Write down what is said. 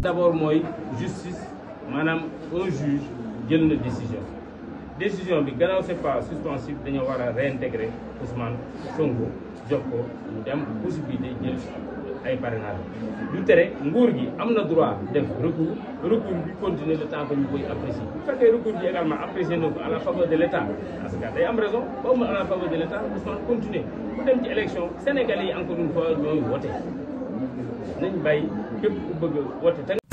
d'abord moi, justice madame, un juge donne une décision décision bi ne c'est pas suspensif dañoo war réintégrer Ousmane Songo, jox nous avons dem possibilité de ay parrainage lu le nguur gi am le droit def recours recours bi continuer le temps que nous koy apprécier Le recours est également apprécié à la faveur de l'état parce que day am raison ba à la faveur de l'état Ousmane continuer Pour dem ci élection sénégalais encore une fois avons voté nañ bàyyi képp ku bëgg woote